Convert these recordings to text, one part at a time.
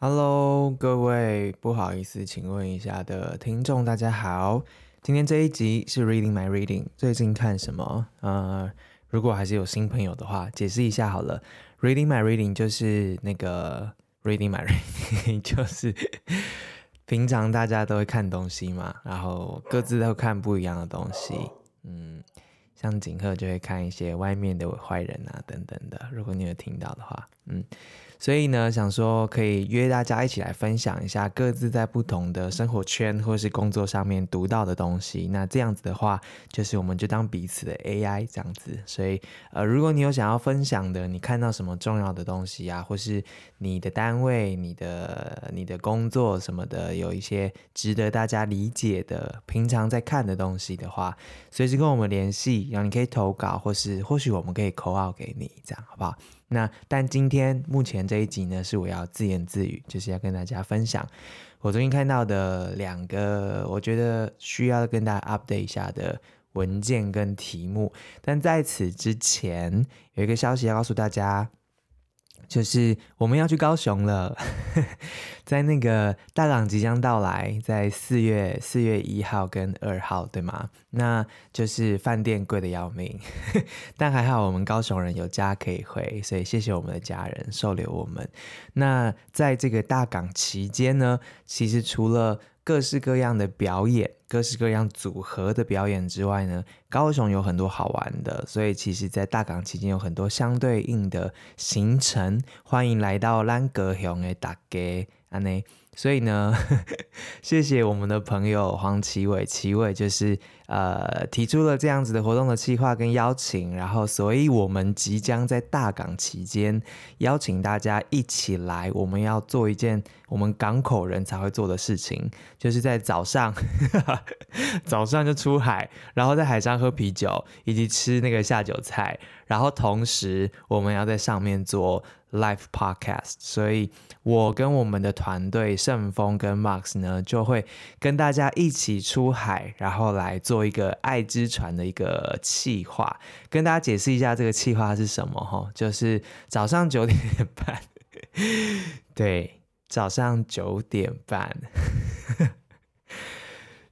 Hello，各位不好意思，請問一下的聽眾大家好，今天這一集是 Reading My Reading，最近看什麼？呃，如果還是有新朋友的話，解釋一下好了，Reading My Reading 就是那個 Reading My Reading 就是平常大家都會看東西嘛，然後各自都看不一樣的東西，嗯，像景鶴就會看一些外面的壞人啊等等的，如果你有聽到的話，嗯。所以呢，想說可以約大家一起來分享一下各自在不同的生活圈或是工作上面讀到的東西。那這樣子的話，就是我們就當彼此的 AI 這樣子。所以，呃，如果你有想要分享的，你看到什麼重要的東西啊，或是你的單位、你的你的工作什麼的，有一些值得大家理解的、平常在看的東西的話，隨時跟我們聯繫。然後你可以投稿，或是或許我們可以 call out 給你，這樣好不好？那但今天目前這一集呢，是我要自言自語，就是要跟大家分享我最近看到的兩個，我覺得需要跟大家 update 一下的文件跟題目。但在此之前，有一個消息要告訴大家。就是我們要去高雄了， 在那個大港即將到來，在四月四月一號跟二號，對嗎？那就是飯店貴得要命， 但還好我們高雄人有家可以回，所以謝謝我們的家人收留我們。那在這個大港期間呢，其實除了。各式各樣的表演，各式各樣組合的表演之外呢，高雄有很多好玩的，所以其實在大港期間有很多相對應的行程，歡迎來到咱高雄的大家，安內，所以呢呵呵，謝謝我們的朋友黃奇偉，奇偉就是。呃，提出了這樣子的活動的計劃跟邀請，然後，所以我們即將在大港期間邀請大家一起來，我們要做一件我們港口人才會做的事情，就是在早上， 早上就出海，然後在海上喝啤酒以及吃那個下酒菜，然後同時我們要在上面做 live podcast，所以我跟我們的團隊盛峰跟 Max 呢，就會跟大家一起出海，然後來做。做一個愛之船的一個企劃，跟大家解釋一下這個企劃是什麼哈，就是早上九點半，對，早上九點半。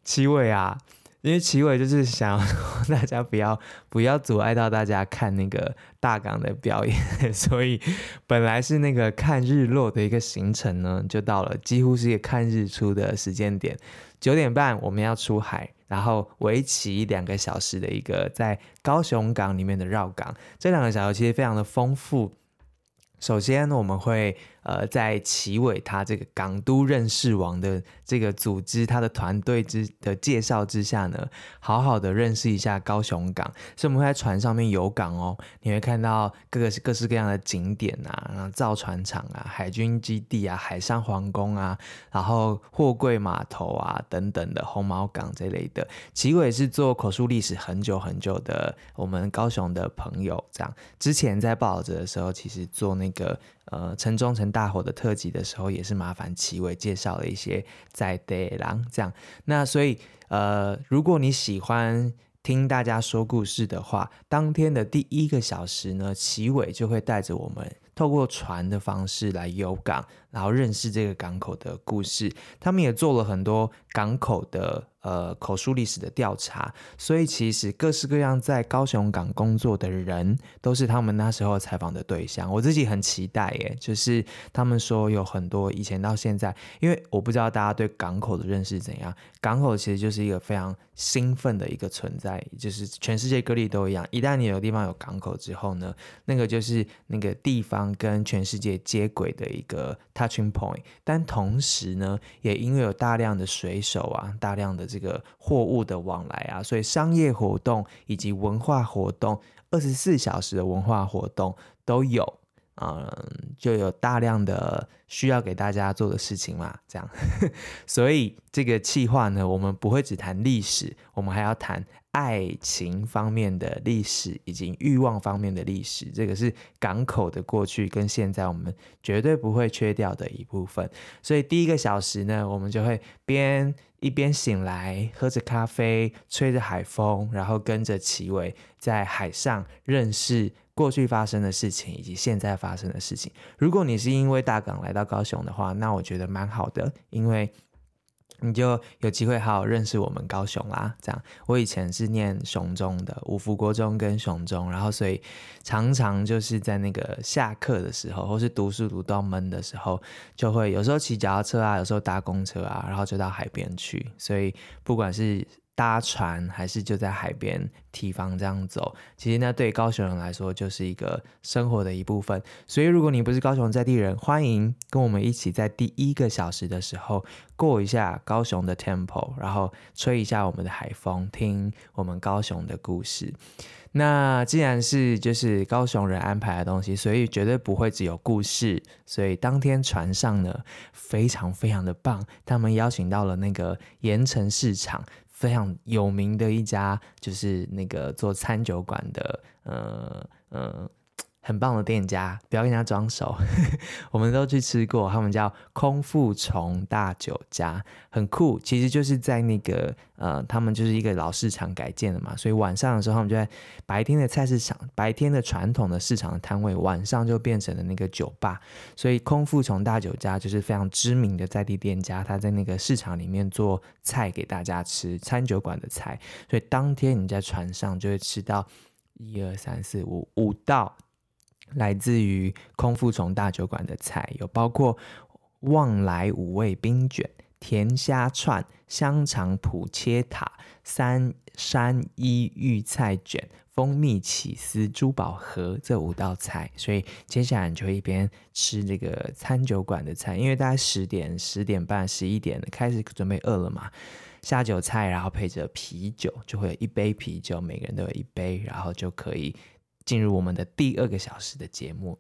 齊偉啊，因為齊偉就是想大家不要不要阻礙到大家看那個大港的表演，所以本來是那個看日落的一個行程呢，就到了幾乎是一個看日出的時間點，九點半我們要出海。然後為期兩個小時的一個在高雄港裡面的繞港，這兩個小時其實非常的豐富。首先我們會。呃，在齊偉他這個港都認識王的這個組織，他的團隊之的介紹之下呢，好好的認識一下高雄港。所以我們會在船上面遊港哦，你會看到各個各式，各式各樣的景點啊，然、啊、造船廠啊、海軍基地啊、海上皇宮啊，然後貨櫃碼頭啊等等的紅毛港這一類的。齊偉是做口述歷史很久很久的，我們高雄的朋友這樣。之前在報紙的時候，其實做那個。呃，城中城大火的特輯的時候，也是麻煩齊偉介紹了一些在地郎這樣。那所以，呃，如果你喜歡聽大家說故事的話，當天的第一個小時呢，齊偉就會帶着我們透過船的方式來遊港。然後認識這個港口的故事，他們也做了很多港口的呃口述歷史的調查，所以其實各式各樣在高雄港工作的人都是他們那時候採訪的對象。我自己很期待耶，就是他們說有很多以前到現在，因為我不知道大家對港口的認識怎樣，港口其實就是一個非常興奮的一個存在，就是全世界各地都一樣，一旦你有地方有港口之後呢，那個就是那個地方跟全世界接軌的一個但同時呢，也因為有大量的水手啊，大量的這個貨物的往來啊，所以商業活動以及文化活動，二十四小時的文化活動都有，嗯，就有大量的需要給大家做的事情嘛，這樣， 所以這個企劃呢，我們不會只談歷史，我們還要談。愛情方面的歷史，以及慾望方面的歷史，這個是港口的過去跟現在，我們絕對不會缺掉的一部分。所以第一個小時呢，我們就會邊一邊醒來，喝着咖啡，吹着海風，然後跟着戚薇在海上認識過去發生的事情，以及現在發生的事情。如果你是因為大港來到高雄的話，那我覺得蠻好的，因為。你就有機會好好認識我們高雄啦、啊。這樣，我以前是念雄中的五福國中跟雄中，然後所以常常就是在那個下課的時候，或是讀書讀到悶的時候，就會有時候騎腳踏車啊，有時候搭公車啊，然後就到海邊去。所以不管是搭船還是就在海邊堤防這樣走，其實呢，對高雄人來說就是一個生活的一部分。所以如果你不是高雄在地人，歡迎跟我們一起在第一個小時的時候過一下高雄的 Temple，然後吹一下我們的海風，聽我們高雄的故事。那既然是就是高雄人安排的東西，所以絕對不會只有故事。所以當天船上呢，非常非常的棒，他們邀請到了那個鹽埕市場非常有名的一家，就是那個做餐酒館的，嗯嗯。很棒的店家，不要跟人家裝熟。 我們都去吃過，他們叫空腹蟲大酒家，很酷。其實就是在那個呃，他們就是一個老市場改建的嘛，所以晚上的時候他們就在白天的菜市場、白天的傳統的市場的攤位，晚上就變成了那個酒吧。所以空腹蟲大酒家就是非常知名的在地店家，他在那個市場裡面做菜給大家吃，餐酒館的菜。所以當天你在船上就會吃到一二三四五五道。來自於空腹蟲大酒館的菜有包括旺來五味冰卷、甜蝦串、香腸普切塔、三山一玉菜卷、蜂蜜起司珠寶盒這五道菜，所以接下來你就會一邊吃這個餐酒館的菜，因為大家十點、十點半、十一點開始準備餓了嘛，下酒菜，然後配着啤酒，就會有一杯啤酒，每個人都有一杯，然後就可以。進入我們的第二個小時的節目，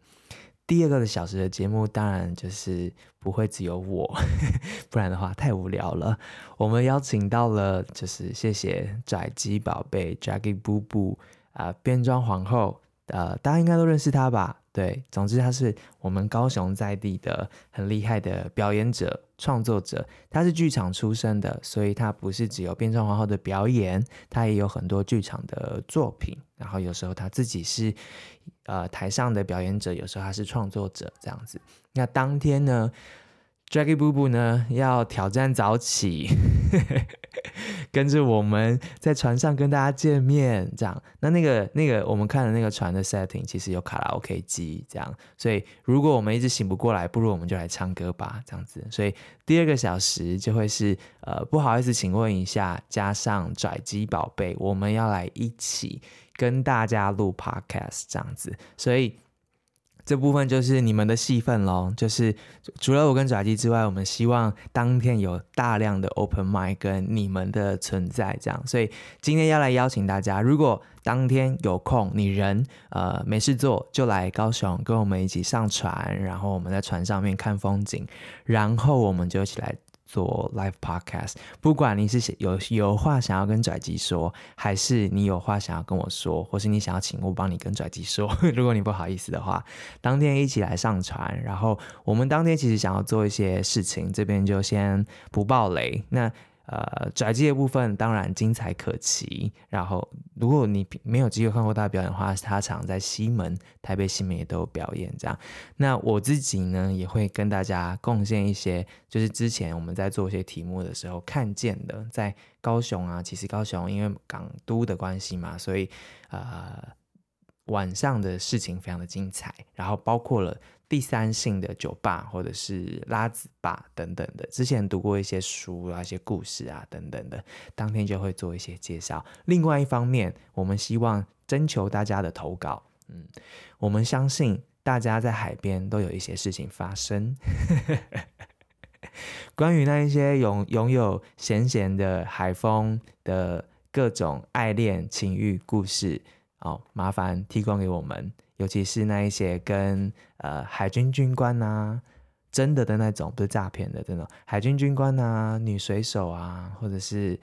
第二個小時的節目當然就是不會只有我，嘿嘿，不然的話太無聊了。我們邀請到了，就是謝謝跩姬寶貝 Draggy Boo Boo 啊，變裝皇後，呃，大家應該都認識她吧？對，總之他是我們高雄在地的很厲害的表演者、創作者。他是劇場出身的，所以他不是只有變裝皇後的表演，他也有很多劇場的作品。然後有時候他自己是呃台上的表演者，有時候他是創作者這樣子。那當天呢，Draggy Boo Boo 呢要挑戰早起。 跟着我們在船上跟大家見面，這樣。那那個那個我們看的那個船的 setting 其實有卡拉 OK 機，這樣。所以如果我們一直醒不過來，不如我們就來唱歌吧，這樣子。所以第二個小時就會是，呃，不好意思，請問一下，加上跩姬寶貝，我們要來一起跟大家錄 podcast 這樣子。所以。這部分就是你們的戲份嘍，就是除了我跟跩姬之外，我們希望當天有大量的 open mic 跟你們的存在，這樣。所以今天要來邀請大家，如果當天有空，你人呃沒事做，就來高雄跟我們一起上船，然後我們在船上面看風景，然後我們就一起來。做 live podcast，不管你是有有話想要跟跩姬說，還是你有話想要跟我說，或是你想要請我幫你跟跩姬說，呵呵，如果你不好意思的話，當天一起來上船，然後我們當天其實想要做一些事情，這邊就先不爆雷。那。呃，跩姬的部分當然精彩可期。然後，如果你沒有機會看過他的表演的話，他常在西門、台北西門也都有表演這樣。那我自己呢，也會跟大家貢獻一些，就是之前我們在做一些題目的時候看見的，在高雄啊，其實高雄因為港都的關係嘛，所以呃晚上的事情非常的精彩，然後包括了。第三性的酒吧，或者是拉子吧等等的，之前讀過一些書啊、一些故事啊等等的，當天就會做一些介紹。另外一方面，我們希望徵求大家的投稿，嗯，我們相信大家在海邊都有一些事情發生， 關於那一些擁擁有，有鹹鹹的海風的各種愛戀情欲故事，好、哦，麻煩提供給我們。尤其是那一些跟呃海軍軍官吶、啊、真的的那種，不是詐騙的這種海軍軍官吶、啊、女水手啊，或者是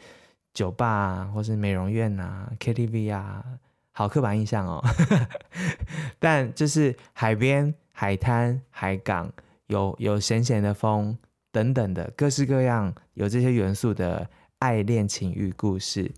酒吧，啊，或是美容院吶、啊、KTV 啊，好刻板印象哦。 但就是海邊、海灘、海港，有有鹹鹹的風等等的各式各樣，有這些元素的愛戀情欲故事。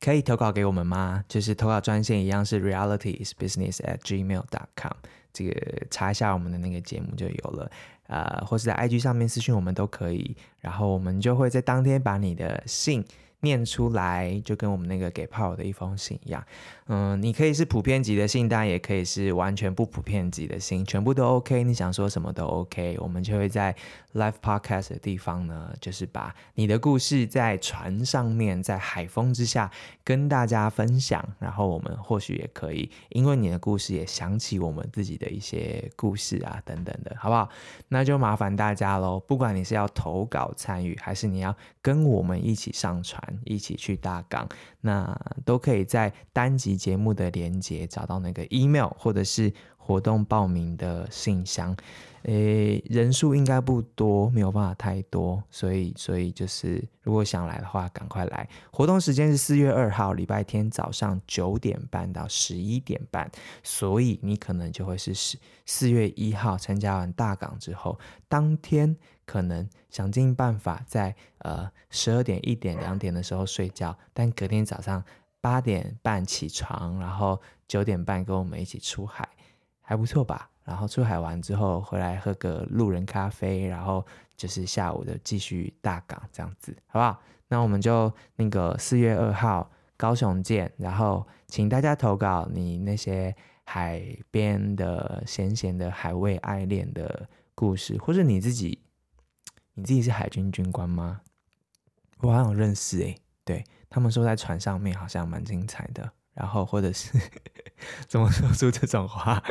可以投稿給我們嗎？就是投稿專線一樣是 reality is business at gmail dot com。這個查一下我們的那個節目就有了。呃，或是在 IG 上面私訊我們都可以，然後我們就會在當天把你的信念出來就跟我們那個給炮友的一封信一樣，嗯，你可以是普遍級的信，但也可以是完全不普遍級的信，全部都 OK，你想說什麼都 OK。我們就會在 Live Podcast 的地方呢，就是把你的故事在船上面，在海風之下跟大家分享，然後我們或許也可以因為你的故事也想起我們自己的一些故事啊，等等的，好不好？那就麻煩大家嘍，不管你是要投稿參與，還是你要跟我們一起上船。一起去大港，那都可以在單集節目的連接找到那個 email，或者是活動報名的信箱。誒，人數應該不多，沒有辦法太多，所以所以就是如果想來的話，趕快來。活動時間是四月二號禮拜天早上九點半到十一點半，所以你可能就會是四四月一號參加完大港之後當天。可能想盡辦法在呃十二點、一點、兩點的時候睡覺，但隔天早上八點半起床，然後九點半跟我們一起出海，還不錯吧？然後出海完之後回來喝個路人咖啡，然後就是下午的繼續大港這樣子，好不好？那我們就那個四月二號高雄見，然後請大家投稿你那些海邊的鹹鹹的海味愛戀的故事，或者你自己。你自己是海軍軍官嗎？我好像有認識哎、欸，對他們說在船上面好像蠻精彩的，然後或者是 怎麼說出這種話？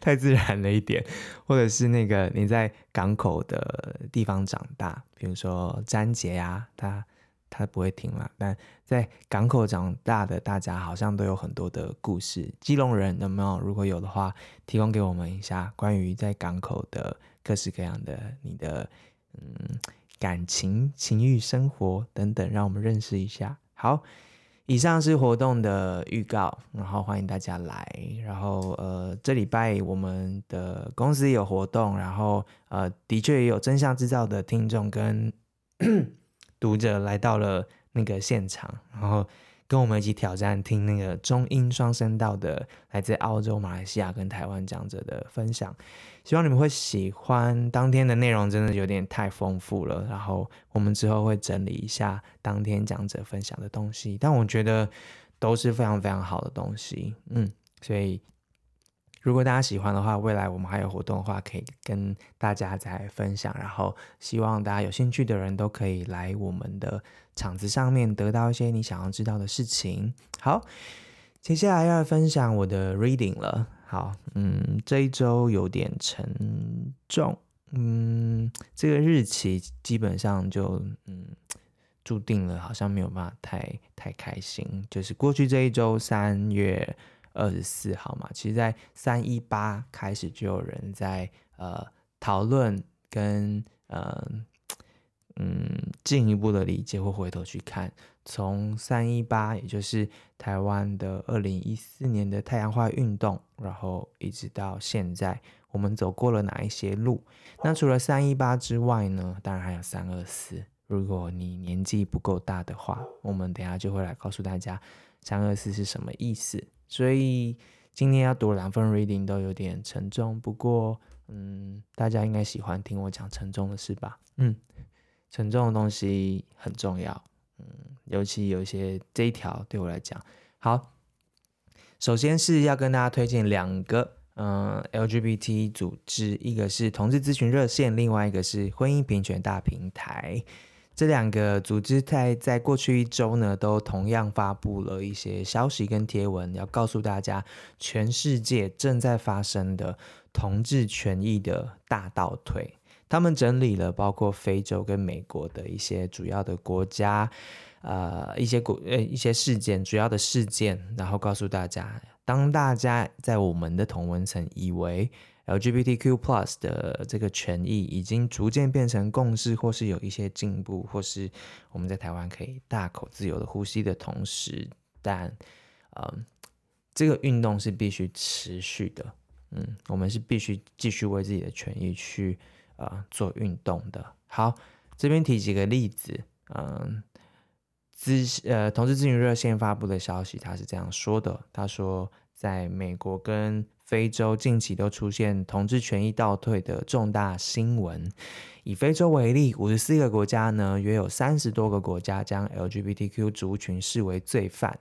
太自然了一點，或者是那個你在港口的地方長大，比如說詹杰啊，他他不會聽了，但在港口長大的大家好像都有很多的故事。基隆人有沒有？如果有的話，提供給我們一下關於在港口的各式各樣的你的。嗯，感情、情欲、生活等等，讓我們認識一下。好，以上是活動的預告，然後歡迎大家來。然後，呃，這禮拜我們的公司有活動，然後呃，的確也有真相製造的聽眾跟 讀者來到了那個現場，然後跟我們一起挑戰聽那個中英雙聲道的來自澳洲、馬來西亞跟台灣講者的分享。希望你們會喜歡當天的內容，真的有點太豐富了。然後我們之後會整理一下當天講者分享的東西，但我覺得都是非常非常好的東西。嗯，所以如果大家喜歡的話，未來我們還有活動的話，可以跟大家再分享。然後希望大家有興趣的人都可以來我們的場子上面，得到一些你想要知道的事情。好，接下來要來分享我的 reading 了。好，嗯，這一周有點沉重，嗯，這個日期基本上就，嗯，注定了，好像沒有辦法太太開心。就是過去這一周，三月二十四號嘛，其實，在三一八開始就有人在呃討論跟、呃、嗯嗯進一步的理解，或回頭去看。從三一八，也就是台灣的二零一四年的太陽花運動，然後一直到現在，我們走過了哪一些路？那除了三一八之外呢？當然還有三二四。如果你年紀不夠大的話，我們等下就會來告訴大家三二四是什麼意思。所以今天要讀兩份 reading 都有點沉重，不過，嗯，大家應該喜歡聽我講沉重的事吧？嗯，沉重的東西很重要。嗯，尤其有一些這一條對我來講，好，首先是要跟大家推薦兩個嗯 LGBT 組織，一個是同志諮詢熱線，另外一個是婚姻平權大平台。這兩個組織在在過去一周呢，都同樣發布了一些消息跟貼文，要告訴大家全世界正在發生的同志權益的大倒退。他們整理了包括非洲跟美國的一些主要的國家，呃，一些國呃、欸、一些事件，主要的事件，然後告訴大家，當大家在我們的同溫層以為 LGBTQ+ 的這個權益已經逐漸變成共識，或是有一些進步，或是我們在台灣可以大口自由的呼吸的同時，但，嗯、呃，這個運動是必須持續的，嗯，我們是必須繼續為自己的權益去。啊、呃，做運動的。好，這邊提幾個例子。嗯，資，呃，同志諮詢熱線發布的消息，他是這樣說的：他說，在美國跟非洲近期都出現同志權益倒退的重大新聞。以非洲為例，五十四個國家呢，約有三十多個國家將 LGBTQ 族群視為罪犯。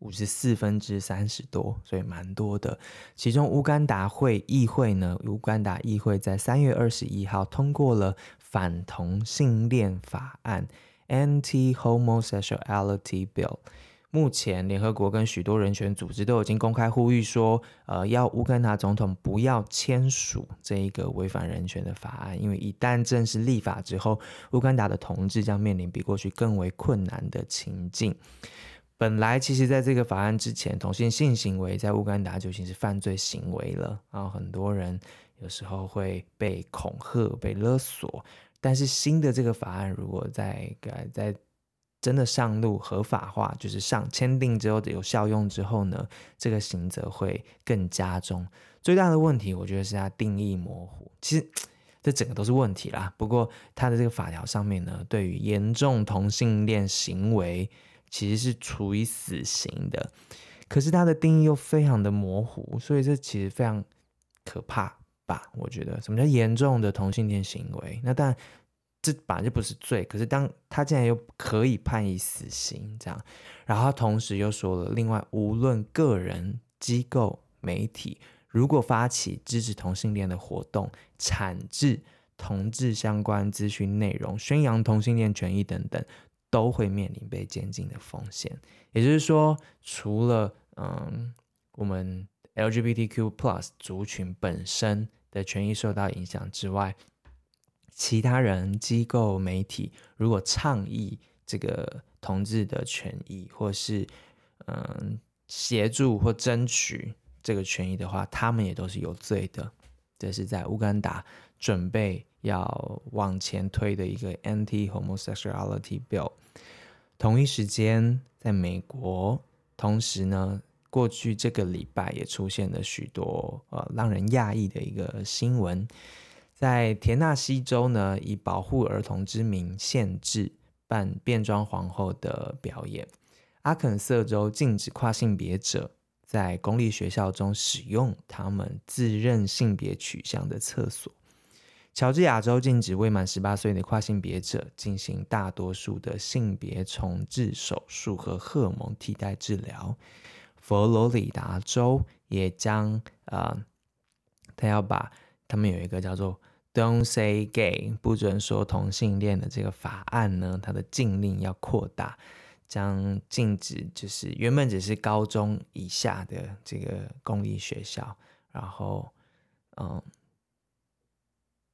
五十四分之三十多，所以蠻多的。其中，烏干達會議會呢？烏干達議會，在三月二十一號通過了反同性戀法案《Anti-Homosexuality Bill》。目前，聯合國跟許多人權組織都已經公開呼籲說，呃，要烏干達總統不要簽署這一個違反人權的法案，因為一旦正式立法之後，烏干達的同志將面臨比過去更為困難的情境。本來其實，在這個法案之前，同性性行為在烏干達就已經是犯罪行為了啊，然後很多人有時候會被恐嚇、被勒索。但是新的這個法案，如果在改、在真的上路、合法化，就是上簽訂之後的有效用之後呢，這個刑責會更加重。最大的問題，我覺得是它定義模糊，其實這整個都是問題啦。不過它的這個法條上面呢，對於嚴重同性戀行為，其實是處以死刑的，可是它的定義又非常的模糊，所以這其實非常可怕吧？我覺得什麼叫嚴重的同性戀行為？那當然，這本來就不是罪，可是當他竟然又可以判以死刑，這樣，然後他同時又說了另外，無論個人、機構、媒體，如果發起支持同性戀的活動、產制同志相關資訊內容、宣揚同性戀權益等等。都會面臨被監禁的風險，也就是說，除了嗯，我們 LGBTQ+ 族群本身的權益受到影響之外，其他人、機構、媒體如果倡議這個同志的權益，或是嗯，協助或爭取這個權益的話，他們也都是有罪的。這、就是在烏干達準備，要往前推的一個 anti homosexuality bill。同一時間，在美國，同時呢，過去這個禮拜也出現了許多呃讓人訝異的一個新聞。在田納西州呢，以保護兒童之名限制扮變裝皇後的表演；阿肯色州禁止跨性別者在公立學校中使用他們自認性別取向的廁所。喬治亞州禁止未滿十八歲的跨性別者進行大多數的性別重置手術和荷爾蒙替代治療。佛羅里達州也將，呃、嗯，他要把他們有一個叫做 “Don't Say Gay” 不准說同性戀的這個法案呢，它的禁令要擴大，將禁止就是原本只是高中以下的這個公立學校，然後，嗯。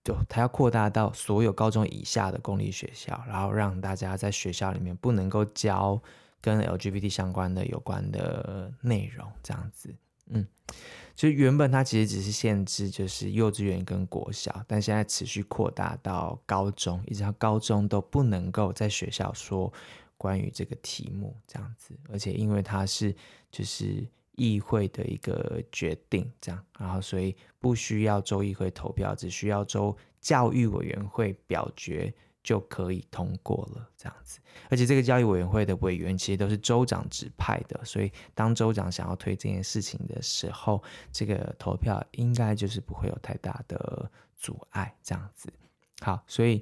就它要擴大到所有高中以下的公立學校，然後讓大家在學校裡面不能夠教跟 LGBT 相關的有關的內容，這樣子。嗯，就原本它其實只是限制就是幼稚園跟國小，但現在持續擴大到高中，一直到高中都不能夠在學校說關於這個題目，這樣子。而且因為它是就是。議會的一個決定，這樣，然後所以不需要州議會投票，只需要州教育委員會表決就可以通過了，這樣子。而且這個教育委員會的委員其實都是州長指派的，所以當州長想要推這件事情的時候，這個投票應該就是不會有太大的阻礙，這樣子。好，所以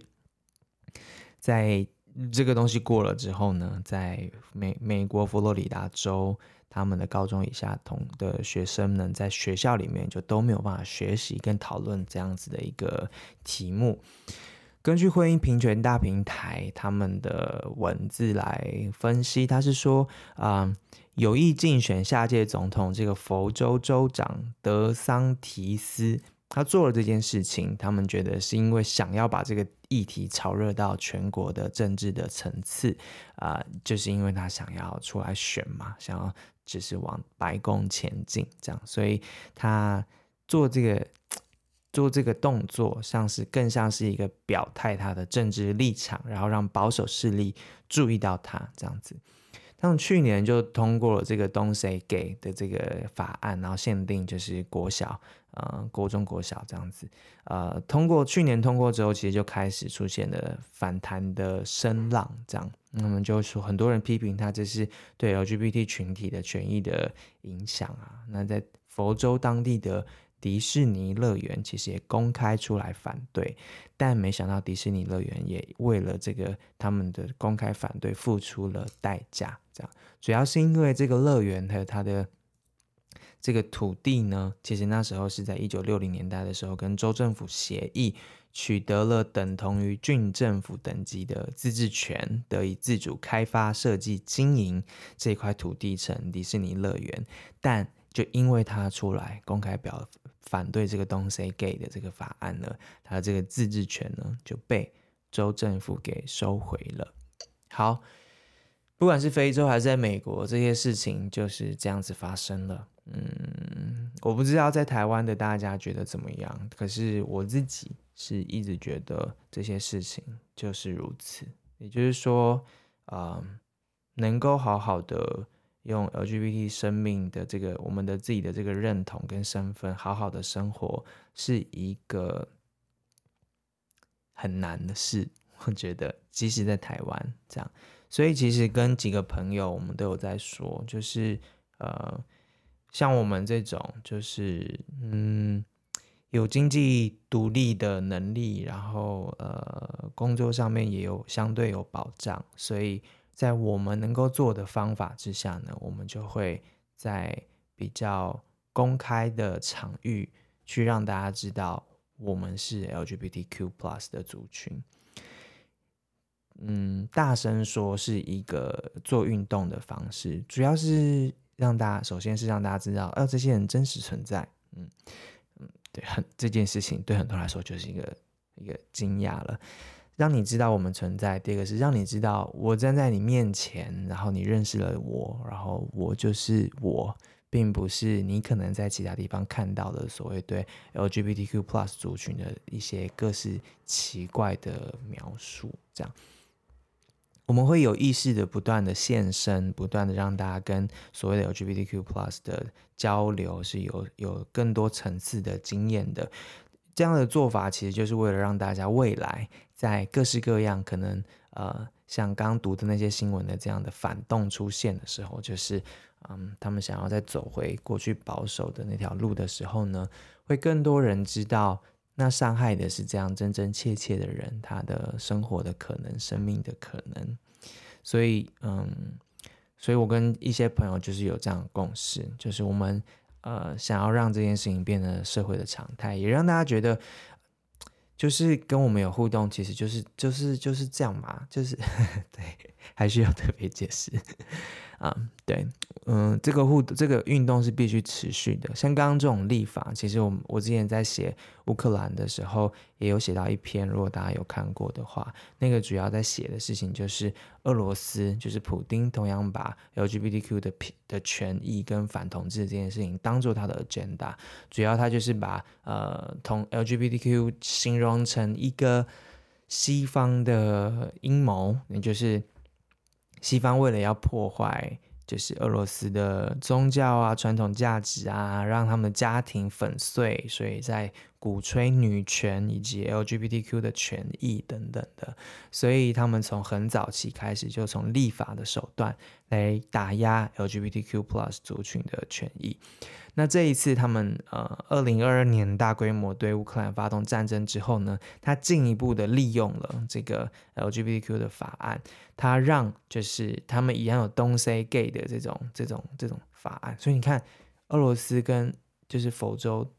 在這個東西過了之後呢，在美美國佛羅里達州，他們的高中以下同的學生們在學校裡面就都沒有辦法學習跟討論這樣子的一個題目。根據婚姻平權大平台他們的文字來分析，他是說啊、呃，有意競選下屆總統這個佛州州長德桑提斯，他做了這件事情，他們覺得是因為想要把這個議題炒熱到全國的政治的層次啊、呃，就是因為他想要出來選嘛，想要。只是往白宮前進，這樣，所以他做這個做這個動作，像是更像是一個表態，他的政治立場，然後讓保守勢力注意到他這樣子。像去年就通過了這個 “Don't Say Gay” 的這個法案，然後限定就是國小、呃，國中、國小這樣子，呃，通過去年通過之後，其實就開始出現了反彈的聲浪，這樣。那麼就是說，很多人批評他，這是對 LGBT 群體的權益的影響啊。那在佛州當地的迪士尼樂園，其實也公開出來反對，但沒想到迪士尼樂園也為了這個他們的公開反對付出了代價。這樣主要是因為這個樂園還有它的。這個土地呢，其實那時候是在一九六零年代的時候，跟州政府協議，取得了等同於郡政府等級的自治權，得以自主開發、設計、經營這塊土地成迪士尼樂園。但就因為他出來公開表反對這個 “Don't Say Gay” 的這個法案呢，他這個自治權呢就被州政府給收回了。好，不管是非洲還是在美國，這些事情就是這樣子發生了。嗯，我不知道在台灣的大家覺得怎麼樣，可是我自己是一直覺得這些事情就是如此。也就是說，啊、呃，能夠好好的用 LGBT 生命的這個我們的自己的這個認同跟身份好好的生活，是一個很難的事。我覺得，即使在台灣這樣，所以其實跟幾個朋友我們都有在說，就是呃。像我們這種，就是嗯，有經濟獨立的能力，然後呃，工作上面也有相對有保障，所以在我們能夠做的方法之下呢，我們就會在比較公開的場域去讓大家知道我們是 LGBTQ+ 的族群。嗯，大聲說是一個做運動的方式，主要是。讓大家首先是讓大家知道，哦、啊，這些人真實存在，嗯嗯，對，很這件事情對很多人來說就是一個一個驚訝了。讓你知道我們存在，第二個是讓你知道我站在你面前，然後你認識了我，然後我就是我，並不是你可能在其他地方看到的所謂對 LGBTQ Plus 族群的一些各式奇怪的描述，這樣。我們會有意識的不斷的現身，不斷的讓大家跟所謂的 LGBTQ+ 的交流是有有更多層次的經驗的。這樣的做法其實就是為了讓大家未來在各式各樣可能呃像剛讀的那些新聞的這樣的反動出現的時候，就是嗯他們想要再走回過去保守的那條路的時候呢，會更多人知道。那傷害的是這樣真真切切的人，他的生活的可能，生命的可能。所以，嗯，所以我跟一些朋友就是有這樣的共識，就是我們呃想要讓這件事情變得社會的常態，也讓大家覺得，就是跟我們有互動，其實就是就是就是這樣嘛，就是，呵呵，對。還需要特別解釋啊、嗯？對，嗯，這個互，這個運動是必須持續的。像剛剛這種立法，其實我我之前在寫烏克蘭的時候，也有寫到一篇。如果大家有看過的話，那個主要在寫的事情就是俄羅斯，就是普丁同樣把 LGBTQ 的的權益跟反同志這件事情當做他的 agenda。主要他就是把呃，同 LGBTQ 形容成一個西方的陰謀，也就是。西方為了要破壞，就是俄羅斯的宗教啊、傳統價值啊，讓他們的家庭粉碎，所以在。鼓吹女權以及 LGBTQ 的權益等等的，所以他們從很早期開始就從立法的手段來打壓 LGBTQ Plus 族群的權益。那這一次，他們呃，二零二二年大規模對烏克蘭發動戰爭之後呢，他進一步的利用了這個 LGBTQ 的法案，他讓就是他們一樣有 Don't Say Gay 的這種這種這種法案。所以你看，俄羅斯跟就是佛州。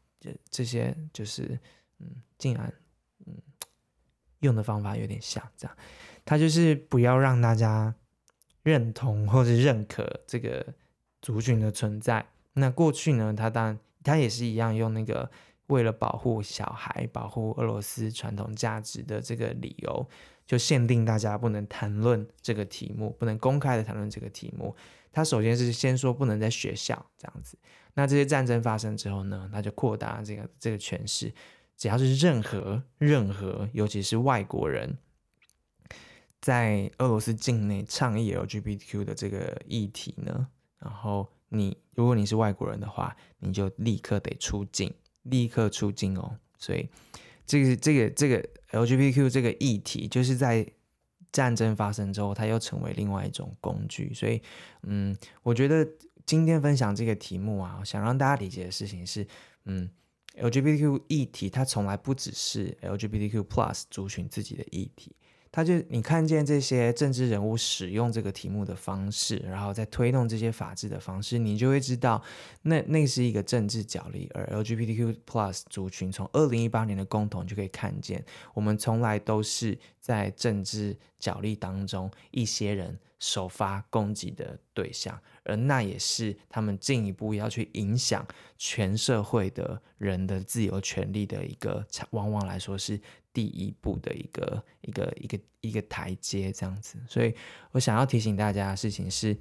這些就是，嗯，竟然，嗯，用的方法有點像這樣，他就是不要讓大家認同或是認可這個族群的存在。那過去呢，他當然他也是一樣用那個為了保護小孩、保護俄羅斯傳統價值的這個理由。就限定大家不能談論這個題目，不能公開的談論這個題目。他首先是先說不能在學校這樣子。那這些戰爭發生之後呢，他就擴大這個這個詮釋，只要是任何任何，尤其是外國人，在俄羅斯境內倡議 LGBTQ 的這個議題呢，然後你如果你是外國人的話，你就立刻得出境，立刻出境哦。所以這個這個這個。這個這個 LGBTQ 這個議題，就是在戰爭發生之後，它又成為另外一種工具。所以，嗯，我覺得今天分享這個題目啊，想讓大家理解的事情是，嗯，LGBTQ 議題它從來不只是 LGBTQ Plus 族群自己的議題。他就你看見這些政治人物使用這個題目的方式，然後再推動這些法治的方式，你就會知道那，那那是一個政治角力。而 LGBTQ+ 族群從二零一八年的共同就可以看見，我們從來都是在政治角力當中一些人首發攻擊的對象，而那也是他們進一步要去影響全社會的人的自由權利的一個，往往來說是。第一步的一個一個一個一個台階這樣子，所以我想要提醒大家的事情是，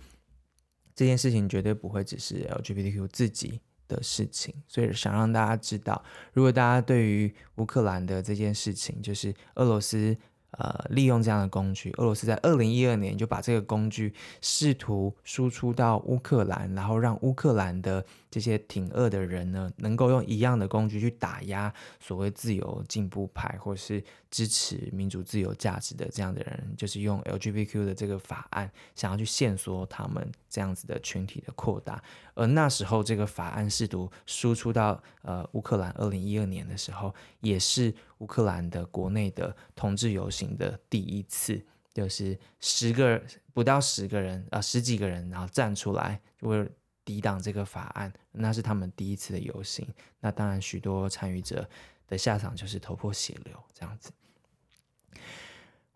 這件事情絕對不會只是 LGBTQ 自己的事情，所以想讓大家知道，如果大家對於烏克蘭的這件事情，就是俄羅斯，呃，利用這樣的工具，俄羅斯在二零一二年就把這個工具試圖輸出到烏克蘭，然後讓烏克蘭的。這些挺惡的人呢，能夠用一樣的工具去打壓所謂自由進步派，或是支持民主自由價值的這樣的人，就是用 LGBQ 的這個法案，想要去限縮他們這樣子的群體的擴大。而那時候這個法案試圖輸出到呃烏克蘭，二零一二年的時候，也是烏克蘭的國內的同志遊行的第一次，就是十個不到十個人啊，呃，十幾個人然後站出來，就會。抵擋這個法案，那是他們第一次的遊行。那當然，許多參與者的下場就是頭破血流這樣子。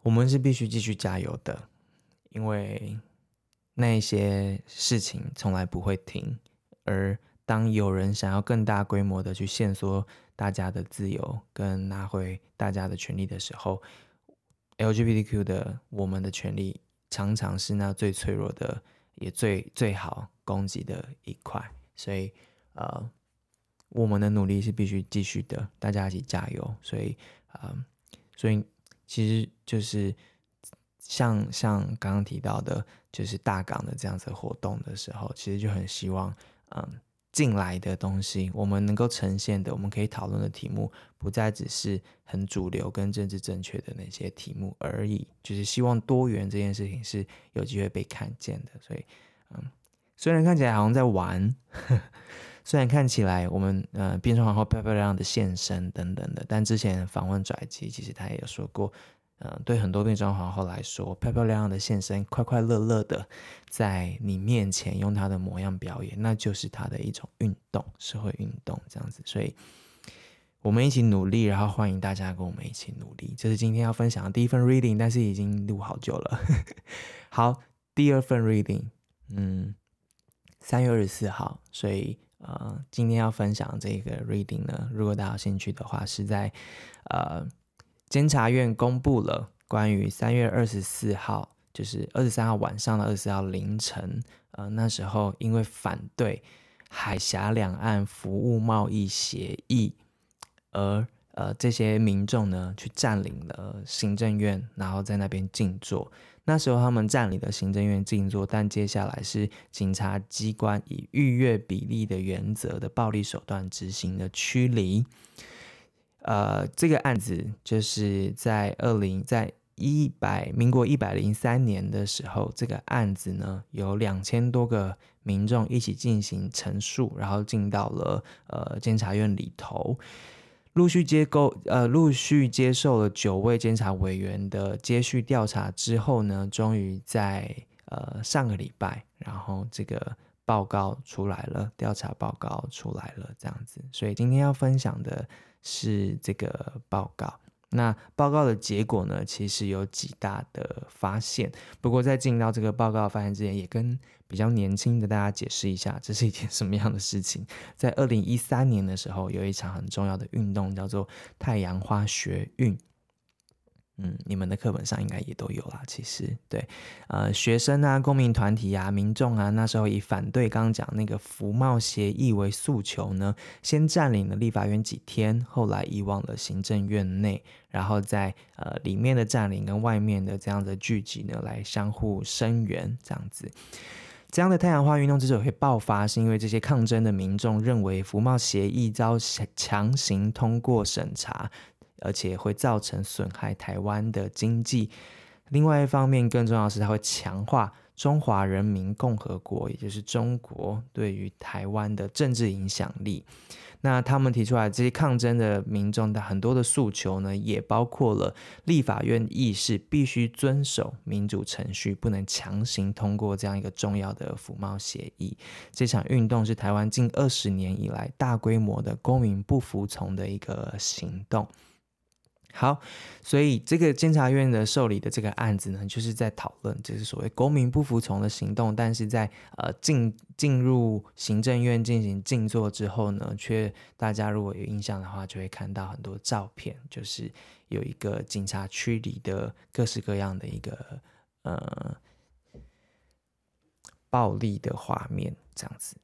我們是必須繼續加油的，因為那一些事情從來不會停。而當有人想要更大規模的去限縮大家的自由，跟拿回大家的權利的時候，LGBTQ 的我們的權利常常是那最脆弱的。也最最好攻擊的一塊，所以，呃，我們的努力是必須繼續的，大家一起加油。所以，嗯、呃，所以其實就是像像剛剛提到的，就是大港的這樣子的活動的時候，其實就很希望，嗯、呃。進來的東西，我們能夠呈現的，我們可以討論的題目，不再只是很主流跟政治正確的那些題目而已。就是希望多元這件事情是有機會被看見的。所以，嗯，雖然看起來好像在玩，呵呵雖然看起來我們呃變裝皇后漂漂亮亮的現身等等的，但之前訪問跩姬，其實他也有說過。嗯、呃，對很多變裝皇後來說，漂漂亮亮的現身，快快樂樂的在你面前用她的模樣表演，那就是她的一種運動，社會運動這樣子。所以我們一起努力，然後歡迎大家跟我們一起努力。這是今天要分享的第一份 reading，但是已經錄好久了。 好，第二份 reading，嗯，三月二十四號，所以呃，今天要分享這個 reading 呢，如果大家有興趣的話，是在呃。監察院公布了關於三月二十四號，就是二十三號晚上的二十四號凌晨，呃，那時候因為反對海峽兩岸服務貿易協議，而呃這些民眾呢去占領了行政院，然後在那邊靜坐。那時候他們占領了行政院靜坐，但接下來是警察機關以逾越比例的原則的暴力手段執行的驅離。呃，這個案子就是在二零，在一百，民國一百零三年的時候，這個案子呢，有兩千多個民眾一起進行陳述，然後進到了呃監察院裡頭，陸續接構呃陸續接受了九位監察委員的接續調查之後呢，終於在呃上個禮拜，然後這個報告出來了，調查報告出來了，這樣子，所以今天要分享的。是這個報告，那報告的結果呢？其實有幾大的發現。不過在進到這個報告的發現之前，也跟比較年輕的大家解釋一下，這是一件什麼樣的事情。在二零一三年的時候，有一場很重要的運動叫做太陽花學運。嗯，你們的課本上應該也都有啦。其實，對，呃，學生啊、公民團體啊、民眾啊，那時候以反對剛剛講那個服貿協議為訴求呢，先佔領了立法院幾天，後來移往了行政院內，然後在呃裡面的佔領跟外面的這樣的聚集呢，來相互聲援，這樣子。這樣的太陽花運動之所以會爆發，是因為這些抗爭的民眾認為服貿協議遭強行通過審查。而且會造成損害台灣的經濟。另外一方面，更重要的是它會強化中華人民共和國，也就是中國對於台灣的政治影響力。那他們提出來這些抗爭的民眾的很多的訴求呢，也包括了立法院議事必須遵守民主程序，不能強行通過這樣一個重要的服貿協議。這場運動是台灣近二十年以來大規模的公民不服從的一個行動。好，所以這個監察院的受理的這個案子呢，就是在討論，就是所謂公民不服從的行動，但是在呃進進入行政院進行靜坐之後呢，卻大家如果有印象的話，就會看到很多照片，就是有一個警察驅離的各式各樣的一個呃暴力的畫面，這樣子。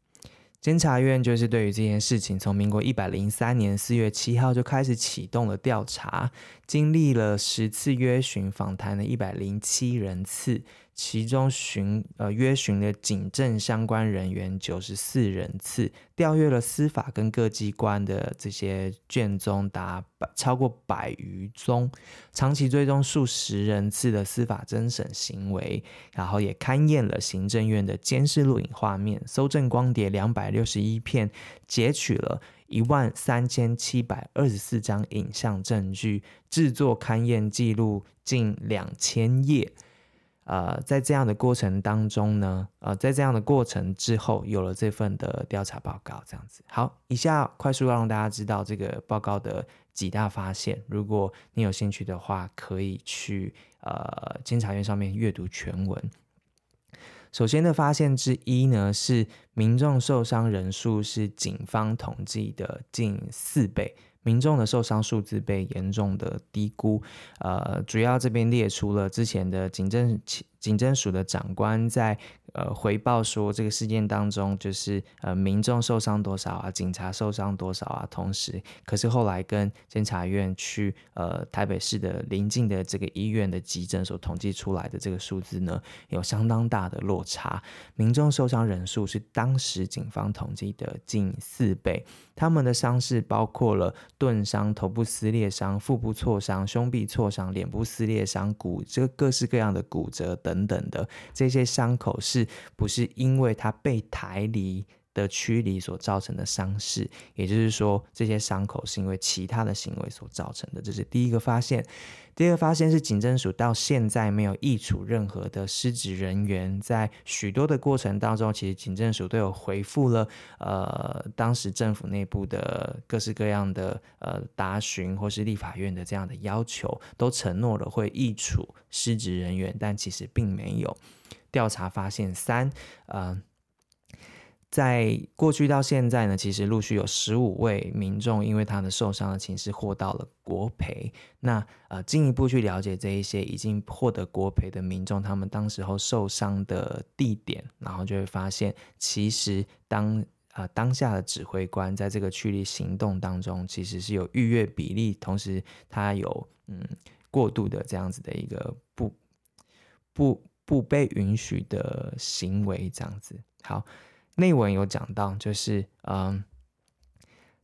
監察院就是對於這件事情，從民國一百零三年四月七號就開始啟動了調查，經歷了十次約詢訪談的一百零七人次。其中詢呃約詢的警政相關人員九十四人次，調閱了司法跟各機關的這些卷宗達超過百餘宗，長期追蹤數十人次的司法偵審行為，然後也勘驗了行政院的監視錄影畫面，搜證光碟兩百六十一片，截取了一萬三千七百二十四張影像證據，製作勘驗記錄近兩千頁。呃，在這樣的過程當中呢，呃，在這樣的過程之後，有了這份的調查報告，這樣子。好，以下快速讓大家知道這個報告的幾大發現。如果你有興趣的話，可以去呃監察院上面閱讀全文。首先的發現之一呢，是民眾受傷人數是警方統計的近四倍。民眾的受傷數字被嚴重的低估，呃，主要這邊列出了之前的警政，警政署的長官在呃回報說，這個事件當中就是呃民眾受傷多少啊，警察受傷多少啊。同時，可是後來跟監察院去呃台北市的鄰近的這個醫院的急診所統計出來的這個數字呢，有相當大的落差。民眾受傷人數是當時警方統計的近四倍。他們的傷勢包括了鈍傷、頭部撕裂傷、腹部挫傷、胸壁挫傷、臉部撕裂傷、骨這個、各式各樣的骨折等。等等的這些傷口，是不是因為他被抬離的驅離所造成的傷勢，也就是說，這些傷口是因為其他的行為所造成的，這是第一個發現。第二個發現是，警政署到現在沒有議處任何的失職人員。在許多的過程當中，其實警政署都有回復了，呃，當時政府內部的各式各樣的呃答詢，或是立法院的這樣的要求，都承諾了會議處失職人員，但其實並沒有。調查發現三，呃。在過去到現在呢，其實陸續有十五位民眾因為他的受傷的情緒獲到了國賠。那呃，進一步去了解這一些已經獲得國賠的民眾，他們當時候受傷的地點，然後就會發現，其實當、呃、當下的指揮官在這個驅離行動當中，其實是有逾越比例，同時他有嗯過度的這樣子的一個不不不被允許的行為，這樣子。好。內文有講到，就是嗯、呃，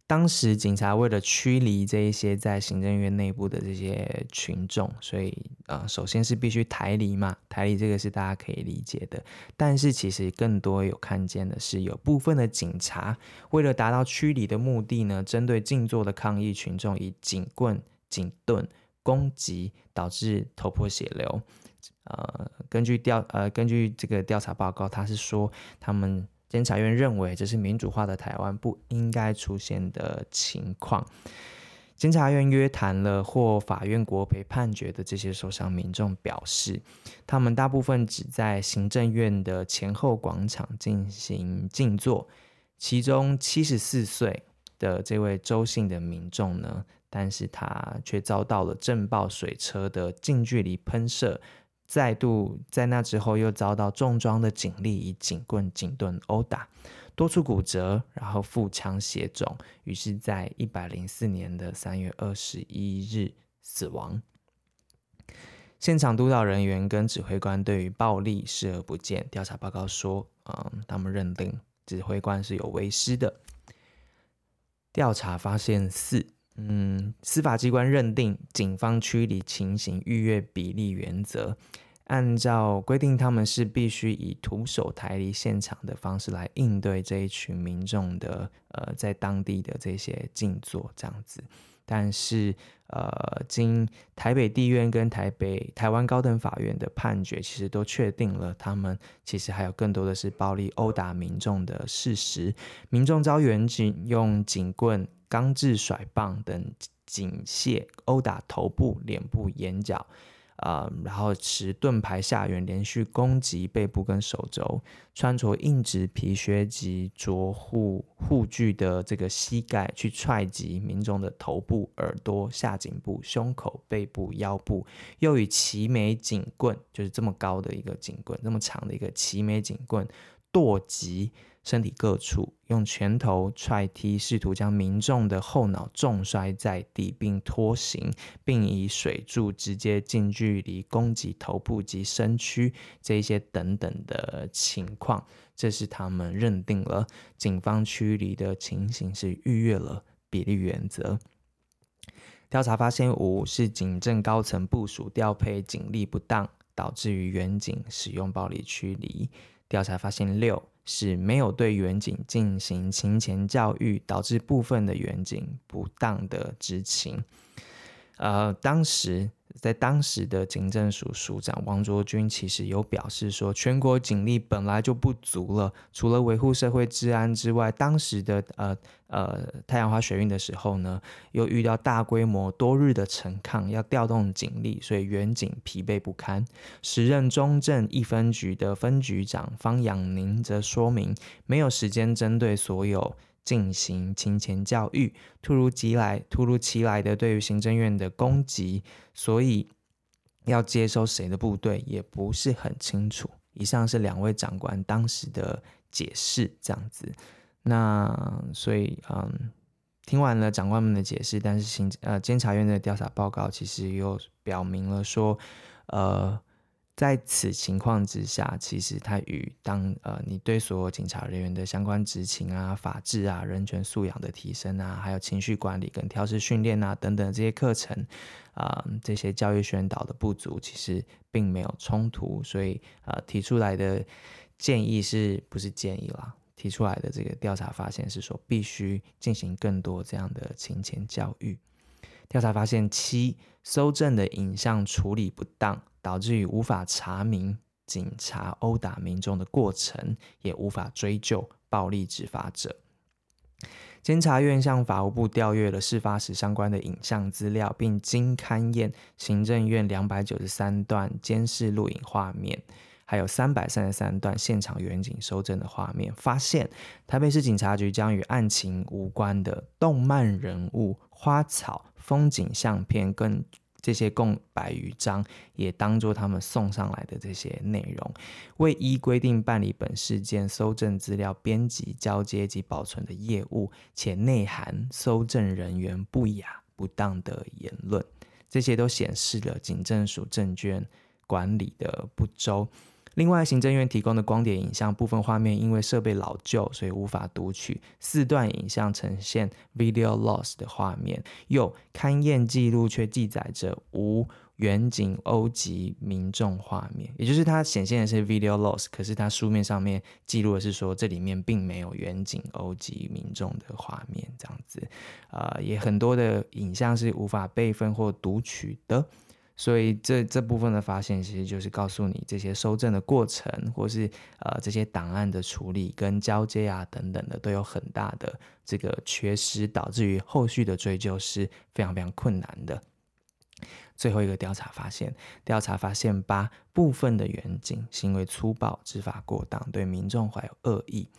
當時警察為了驅離這一些在行政院內部的這些群眾，所以呃，首先是必須抬離嘛，抬離這個是大家可以理解的。但是其實更多有看見的是，有部分的警察為了達到驅離的目的呢，針對靜坐的抗議群眾以警棍、警盾攻擊，導致頭破血流。呃，根據調呃根據這個調查報告，他是說他們。監察院認為這是民主化的台灣不應該出現的情況。監察院約談了獲法院國賠判決的這些受傷民眾，表示他們大部分只在行政院的前後廣場進行靜坐，其中七十四歲的這位周姓的民眾呢，但是他卻遭到了鎮暴水車的近距離噴射。再度在那之後，又遭到重裝的警力以警棍、警盾毆打，多處骨折，然後腹腔血腫，於是，在一百零四年的三月二十一日死亡。現場督導人員跟指揮官對於暴力視而不見。調查報告說，嗯，他們認定指揮官是有違失的。調查發現四。嗯，司法機關認定警方驅離情形逾越比例原則，按照規定，他們是必須以徒手抬離現場的方式來應對這一群民眾的呃，在當地的這些靜坐這樣子。但是呃，經台北地院跟台北台灣高等法院的判決，其實都確定了他們其實還有更多的是暴力毆打民眾的事實，民眾遭員警用警棍。鋼製甩棒等警械毆打頭部、臉部、眼角，呃，然後持盾牌下緣連續攻擊背部跟手肘，穿着硬質皮靴及着護護具的這個膝蓋去踹擊民眾的頭部、耳朵、下頸部、胸口、背部、腰部，又以齊眉警棍，就是這麼高的一個警棍，這麼長的一個齊眉警棍跺擊。身體各處用拳頭踹踢，試圖將民眾的後腦重摔在地，並拖行，並以水柱直接近距離攻擊頭部及身軀，這些等等的情況，這是他們認定了警方驅離的情形是逾越了比例原則。調查發現五是警政高層部署調配警力不當，導致於員警使用暴力驅離。調查發現六。是沒有對員警進行行前教育，導致部分的員警不當的執勤。呃，當時。在當時的警政署署長王卓鈞其實有表示說，全國警力本來就不足了，除了維護社會治安之外，當時的呃呃太陽花學運的時候呢，又遇到大規模多日的陳抗，要調動警力，所以員警疲憊不堪。時任中正一分局的分局長方仰寧則說明，沒有時間針對所有。進行金錢教育，突如其來、突如其來的對於行政院的攻擊，所以要接收誰的部隊也不是很清楚。以上是兩位長官當時的解釋，這樣子。那所以，嗯，聽完了長官們的解釋，但是行呃監察院的調查報告其實又表明了說，呃。在此情況之下，其實它與當呃你對所有警察人員的相關執勤啊、法治啊、人權素養的提升啊，還有情緒管理跟調試訓練啊等等的這些課程啊、呃，這些教育宣導的不足，其實並沒有衝突。所以啊、呃，提出來的建議是不是建議啦？提出來的這個調查發現是說，必須進行更多這樣的勤前教育。調查發現七，七搜證的影像處理不當，導致於無法查明警察毆打民眾的過程，也無法追究暴力執法者。監察院向法務部調閱了事發時相關的影像資料，並經勘驗行政院兩百九十三段監視錄影畫面。還有三百三十三段現場遠景搜證的畫面，發現台北市警察局將與案情無關的動漫人物、花草、風景相片，跟這些共百餘張，也當作他們送上來的這些內容，未依規定辦理本事件搜證資料編輯、交接及保存的業務，且內含搜證人員不雅不當的言論，這些都顯示了警政署證券管理的不周。另外，行政院提供的光碟影像部分畫面，因為設備老舊，所以無法讀取。四段影像呈現 video loss 的畫面，有勘驗記錄卻記載着無遠景毆擊民眾畫面，也就是它顯現的是 video loss，可是它書面上面記錄的是說這裡面並沒有遠景毆擊民眾的畫面。這樣子，呃，也很多的影像是無法備份或讀取的。所以這這部分的發現，其實就是告訴你這些搜證的過程，或是呃這些檔案的處理跟交接啊等等的，都有很大的這個缺失，導致於後續的追究是非常非常困難的。最後一個調查發現，調查發現八部分的員警行為粗暴、執法過當、對民眾懷有惡意。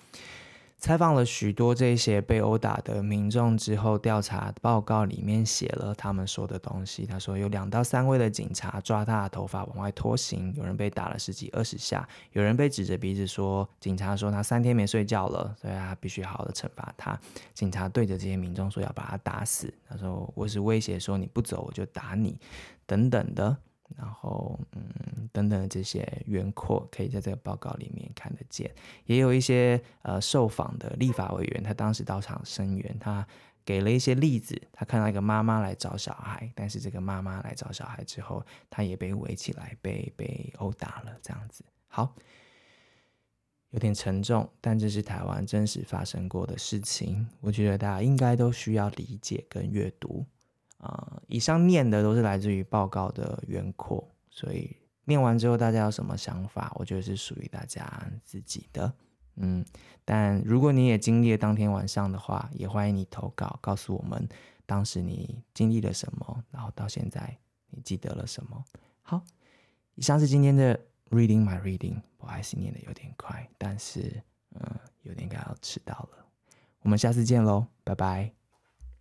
採訪了許多這些被毆打的民眾之後，調查報告裡面寫了他們說的東西。他說有兩到三位的警察抓他的頭髮往外拖行，有人被打了十幾二十下，有人被指着鼻子說，警察說他三天沒睡覺了，所以他必須好好的懲罰他。警察對着這些民眾說要把他打死。他說我是威脅說你不走我就打你，等等的。然後，嗯，等等，這些輪廓可以在這個報告裡面看得見，也有一些呃，受訪的立法委員，他當時到場聲援，他給了一些例子，他看到，一個媽媽來找小孩，但是這個媽媽來找小孩之後，他也被圍起來，被被毆打了，這樣子。好，有點沉重，但這是台灣真實發生過的事情，我覺得大家應該都需要理解跟閱讀。啊、嗯，以上念的都是來自於報告的原話，所以念完之後大家有什麼想法，我覺得是屬於大家自己的。嗯，但如果你也經歷了當天晚上的話，也歡迎你投稿告訴我們，當時你經歷了什麼，然後到現在你記得了什麼。好，以上是今天的 reading my reading，我還是念得有點快，但是嗯，有點該要遲到了，我們下次見嘍，拜拜。